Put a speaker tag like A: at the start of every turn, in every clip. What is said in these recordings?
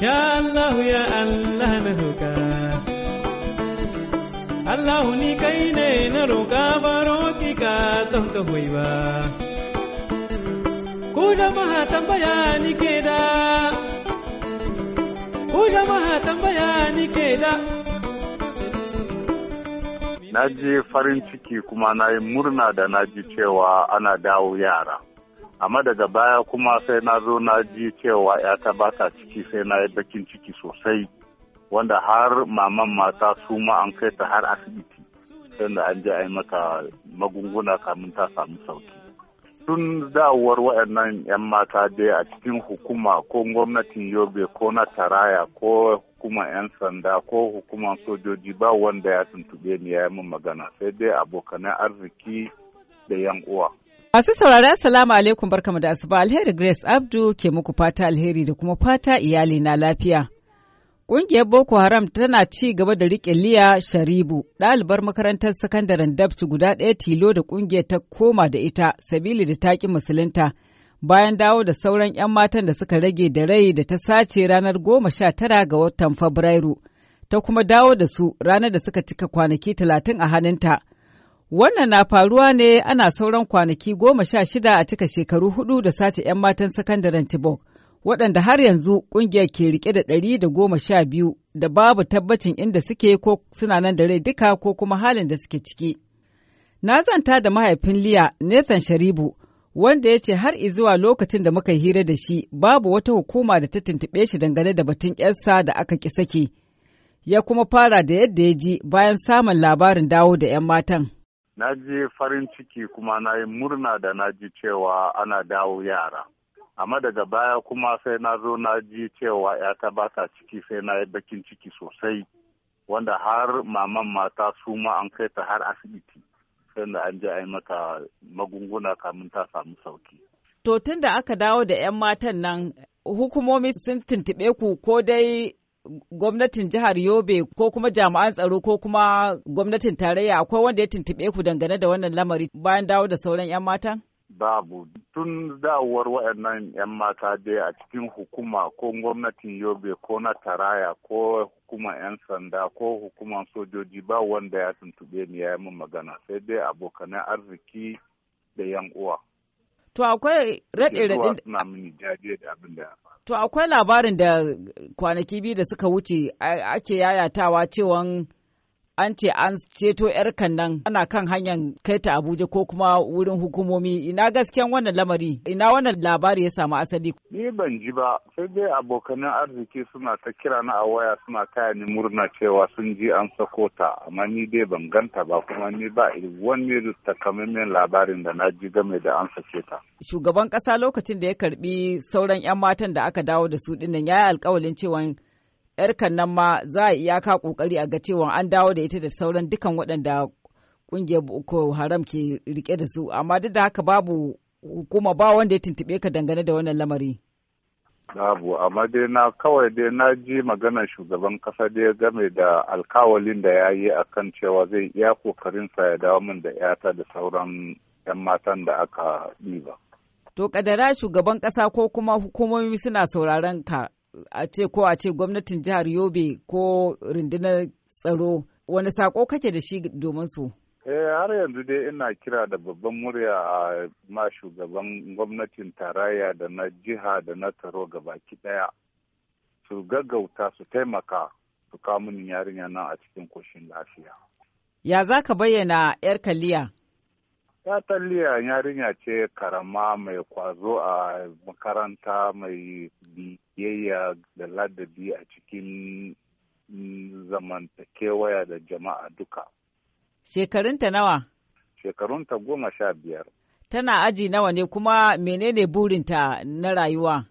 A: Ya Allah ya Allah na roƙa Allah ni kai ne na roƙa baro ki ka don ka hoyi ba Ku jama'a tambaya ni ke da Ku jama'a tambaya ni ke da
B: Na je farin ciki kuma na yi murna da na ji cewa ana dawo yara amma daga baya kuma sai na zo na ji cewa yata ba ta ciki sai na yi bakin ciki sosai wanda har maman mata su ma an kai ta har asibiti sai da an ji a yi mata magunguna kamin ta samu sauki tun dawowar waɗannan 'yan mata dai a cikin hukuma ko gwamnatin yobe ko na taraya ko hukumar 'yan sanda ko hukumar sojoji ba wanda ya tuntube ni ya yi min magana sai dai abokanan arziki da 'yan uwa
A: Masu sauraron salamu alaikum barkamu da asuba alheri Grace Abdu ke muku fata alheri da kuma fata iyali na lafiya. Ƙungiyar Boko Haram tana ci gaba da riƙe Liya Sharibu, ɗalibar makarantar sakandaren Dabci guda ɗaya tilo da ƙungiyar ta koma da ita, sabili da taƙi musulunta. Bayan dawo da sauran 'yan matan da suka rage da rai da ta sace ranar goma sha tara ga watan Fabrairu, ta kuma dawo da su ranar da suka cika kwanaki talatin a hannunta. Wannan na faruwa ne ana sauran kwanaki goma sha shida a cika shekaru hudu da sace 'yan matan sakandaren Chibok, waɗanda har yanzu ƙungiyar ke rike da ɗari da goma sha biyu da babu tabbacin inda suke ko suna nan da rai duka ko kuma halin da suke ciki. Na zanta da mahaifin Liya Nathan Sharibu, wanda ya ce har izuwa lokacin da muka hira da shi babu wata hukuma da ta tuntuɓe shi dangane da batun 'yarsa da aka ƙi saki. Ya kuma fara da yadda ya ji bayan samun labarin dawo da 'yan matan.
B: na je farin ciki kuma na yi murna da na ji cewa ana dawo yara amma daga baya kuma sai na zo na ji cewa yata ba ta ciki sai na yi bakin ciki sosai wanda har maman mata su ma an kai ta har asibiti sai da an je a yi mata magunguna kamin ta samu sauki
A: To tun da aka dawo da 'yan matan nan hukumomi sun tuntuɓe ku ko dai gwamnatin jihar Yobe ko kuma jami'an tsaro ko kuma gwamnatin tarayya akwai wanda ya tuntuɓe ku dangane da wannan lamari bayan dawo da sauran 'yan matan?
B: Babu tun dawowar waɗannan 'yan mata dai a cikin hukuma ko gwamnatin Yobe ko na taraya ko hukuma 'yan sanda ko hukuma sojoji ba wanda ya tuntuɓe ni ya yi magana sai dai abokanan arziki da 'yan uwa.
A: To akwai raɗe raɗin suna
B: mini jaje da abin da ya faru.
A: To akwai labarin da kwanaki biyu da suka wuce ake yayatawa cewan an ce an ceto 'yar nan ana kan hanyar kai ta Abuja ko kuma wurin hukumomi ina gasken wannan lamari ina wannan labari ya samu asali.
B: Ni ban ji ba sai dai abokanan arziki suna ta kira na a waya suna kaya ni murna cewa sun ji an sako ta amma ni dai ban ganta ba kuma ni ba wani takamaiman labarin da na ji game da an sake ta.
A: Shugaban ƙasa lokacin da ya karbi sauran 'yan matan da aka dawo da su dinnan ya yi alkawalin cewa yarkan nan ma za a iya ka kokari a ga cewa an dawo da ita da sauran dukan waɗanda kungiyar boko haram ke rike da su amma duk da haka babu hukuma ba wanda ya tuntube ka dangane da wannan lamari
B: babu amma dai na kawai dai na ji maganar shugaban kasa dai game da alkawalin da ya yi akan cewa zai iya kokarin sa ya dawo min da yata da sauran 'yan matan da aka ɗiba.
A: To kadara shugaban kasa ko kuma hukumomi suna sauraron ka a ce ko a ce gwamnatin jihar Yobe ko rundunar tsaro wani sako kake da shi domin su?
B: Eh har yanzu dai ina kira da babban murya a ma shugaban gwamnatin tarayya da na jiha da na taro baki daya su gaggauta su taimaka su kamun yarinya nan a cikin koshin lafiya.
A: Ya za ka bayyana 'yar kaliya?
B: ta talliya yarinya ce karama mai kwazo a makaranta mai biyayya da ladabi a cikin zamantakewaya da jama'a duka.
A: Shekarunta nawa?
B: Shekarunta goma sha biyar.
A: Tana aji nawa ne kuma menene burinta na rayuwa?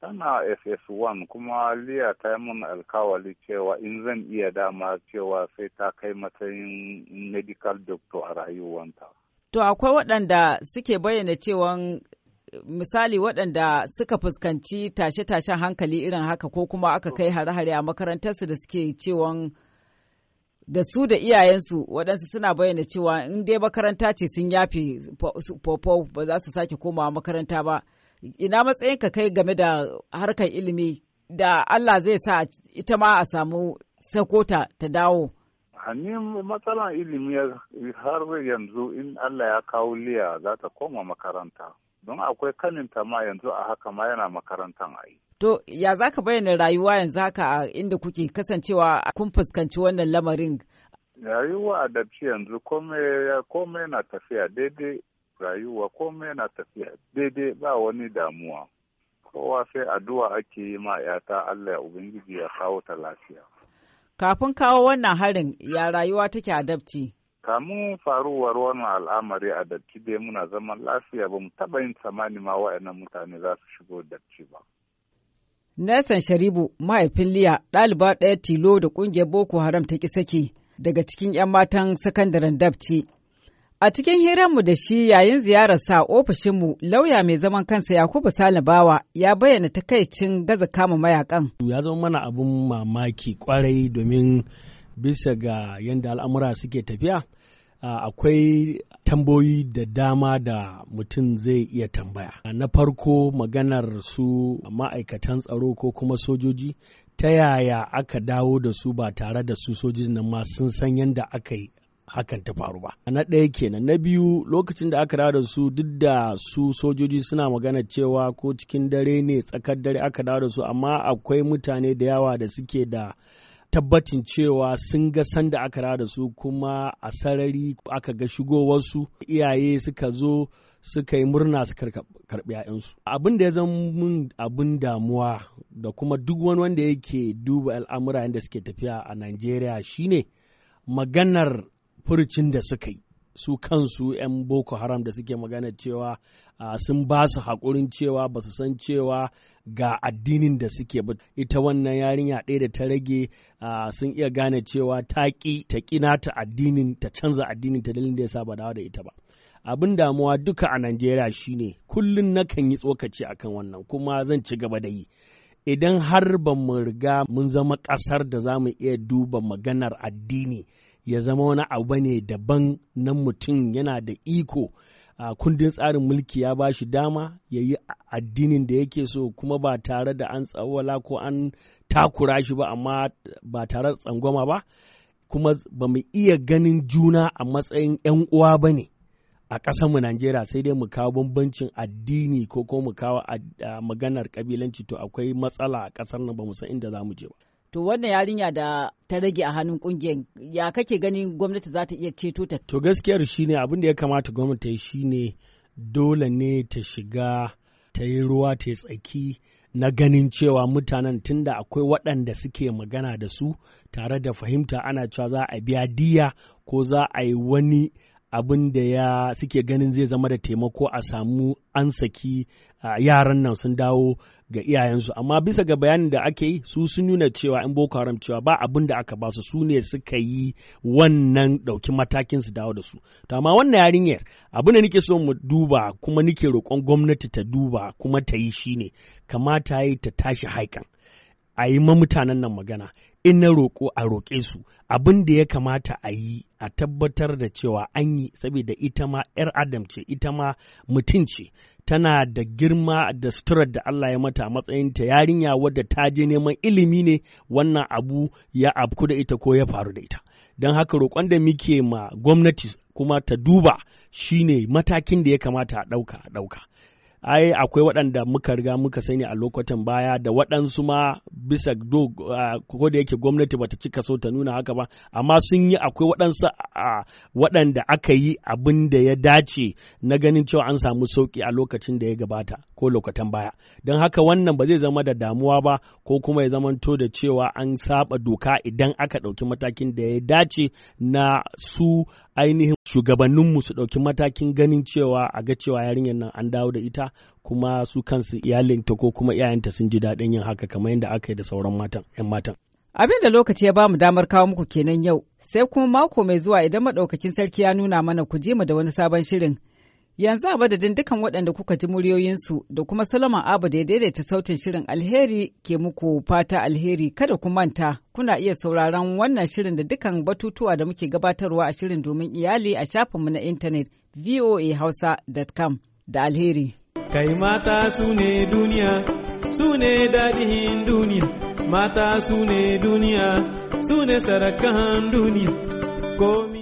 B: Tana SS1 kuma Liya ta yi mun alkawali cewa in zan iya dama cewa sai ta kai matsayin medical doctor a rayuwanta.
A: To akwai waɗanda suke bayyana cewa misali waɗanda suka fuskanci tashe-tashen hankali irin haka ko kuma aka kai hare-hare a makarantarsu da suke cewa da su da iyayensu waɗansu suna bayyana cewa in dai makaranta ce sun yafe popo ba za su sake komawa makaranta ba. Ina matsayin ka kai game da harkar ilimi da Allah zai sa ita ma a samu sakota ta dawo.
B: ni matsalan ilimi har yanzu in Allah ya kawo liya za ta koma makaranta. Don akwai kaninta ma yanzu a haka ma yana makarantan a yi.
A: To, ya za ka bayyana rayuwa yanzu haka a inda kuke kasancewa kun fuskanci wannan lamarin?
B: Rayuwa a dabci yanzu komai na tafiya daidai, rayuwa komai na tafiya daidai ba wani damuwa. Kowa sai addu'a ake yi ma 'yata Allah ya Ubangiji ya kawo ta lafiya.
A: Kafin kawo wannan harin ya rayuwa take a
B: dabci. Kamun faruwar wannan al'amari a dabci dai muna zaman lafiya ba mu taɓa yin tsammani ma wa'annan mutane za su shigo dabci ba.
A: Nelson Sharibu mahaifin Liya ɗaliba ɗaya tilo da ƙungiyar Boko Haram ta ƙi saki daga cikin 'yan matan sakandaren dabci. A cikin hiranmu da shi yayin ziyararsa ofishinmu lauya mai zaman kansa Yakubu Salibawa ya bayyana takaicin gaza kama mayakan. Ya
C: zama mana abin mamaki kwarai domin bisa ga yadda al'amura suke tafiya akwai tambayoyi da dama da mutum zai iya tambaya. Na farko maganar su ma'aikatan tsaro ko kuma sojoji ta yaya aka dawo da su ba tare da su sojojin nan ma sun san yadda aka yi hakan ta faru ba na ɗaya kenan na biyu lokacin da aka dawo da su duk da su sojoji suna magana cewa ko cikin dare ne tsakar dare aka dawo da su amma akwai mutane da yawa da suke da tabbacin cewa sun ga sanda aka dawo da su kuma a sarari aka ga shigowarsu iyaye suka zo suka yi murna su karɓi ‘ya'yansu. Abin da ya zama mun abin damuwa da kuma duk wani wanda yake duba al'amura yadda suke tafiya a Najeriya shine maganar furcin da suka yi su kansu 'yan boko haram da suke magana cewa sun ba su haƙurin cewa ba su san cewa ga addinin da suke ba ita wannan yarinya ɗaya da ta rage sun iya gane cewa ta ƙi ta ƙina ta addinin ta canza addinin ta dalilin da ya sa ba da ita ba abin damuwa duka a najeriya shine kullum nakan yi tsokaci akan wannan kuma zan ci gaba da yi idan har ba mu riga mun zama ƙasar da za mu iya duba maganar addini ya zama wani abu ne daban na mutum yana da iko a kundin tsarin mulki ya ba shi dama ya yi addinin da yake so kuma ba tare da an tsawala ko an takura shi ba amma ba tare da tsangwama ba kuma ba mu iya ganin juna a matsayin 'yan uwa ba ne a ƙasarmu Najeriya sai dai mu kawo bambancin addini ko ko mu kawo maganar ƙabilanci to akwai matsala a ƙasar nan ba mu san inda za mu je ba.
A: to wannan yarinya da ta rage a hannun kungiyar ya kake ganin gwamnati za
C: ta iya ceto ta to gaskiyar shine abin da ya kamata gwamnati ta yi shine dole ne ta shiga ta yi ruwa ta yi tsaki na ganin cewa mutanen tunda akwai waɗanda suke magana da su tare da fahimta ana cewa za a biya diya ko za a yi wani abin da ya suke ganin zai zama da taimako a samu an saki yaran nan sun dawo ga iyayensu amma bisa ga bayanin da ake yi su sun nuna cewa in boko haram cewa ba abin da aka basu su ne suka yi wannan ɗauki matakin su dawo da su to amma wannan yarinyar abin da nake so mu duba kuma nake roƙon gwamnati ta duba kuma ta yi shine kamata yi ta tashi haikan a yi ma mutanen nan magana in na roƙo a roƙe su abin da ya kamata a yi a tabbatar da cewa an yi saboda ita ma 'yar adam ce ita ma mutum ce tana da girma da suturar da Allah ya mata matsayin ta yarinya wadda ta je neman ilimi ne wannan abu ya afku da ita ko ya faru da ita don haka roƙon da muke ma gwamnati kuma ta duba shine matakin da ya kamata a ɗauka a ɗauka ai akwai waɗanda muka riga muka sani a lokacin baya da waɗansu ma bisa ko da yake gwamnati bata cika so ta nuna haka ba amma sun yi akwai waɗansu waɗanda aka yi abin da ya dace na ganin cewa an samu sauki a lokacin da ya gabata ko lokacin baya don haka wannan ba zai zama da damuwa ba ko kuma ya zamanto da cewa an saba doka idan aka ɗauki matakin da ya dace na su ainihin shugabanninmu su ɗauki matakin ganin cewa a ga cewa yarinyar nan an dawo da ita kuma su kansu iyalinta ko kuma iyayenta sun ji daɗin yin haka kamar yadda aka yi da sauran matan 'yan matan. Abin da lokaci ya bamu damar kawo muku kenan yau sai kuma mako mai zuwa idan
A: maɗaukakin sarki ya nuna mana ku je mu da wani sabon shirin. Yanzu a madadin dukan waɗanda kuka ji muryoyinsu da kuma Salama Abu da ya daidaita sautin shirin alheri ke muku fata alheri kada ku manta kuna iya sauraron wannan shirin da dukan batutuwa da muke gabatarwa a shirin domin iyali a shafinmu na intanet voahausa.com da alheri.
C: Kai mata su ne duniya, su ne daɗin duniya, mata su ne duniya, su ne sarakan duniya. Ko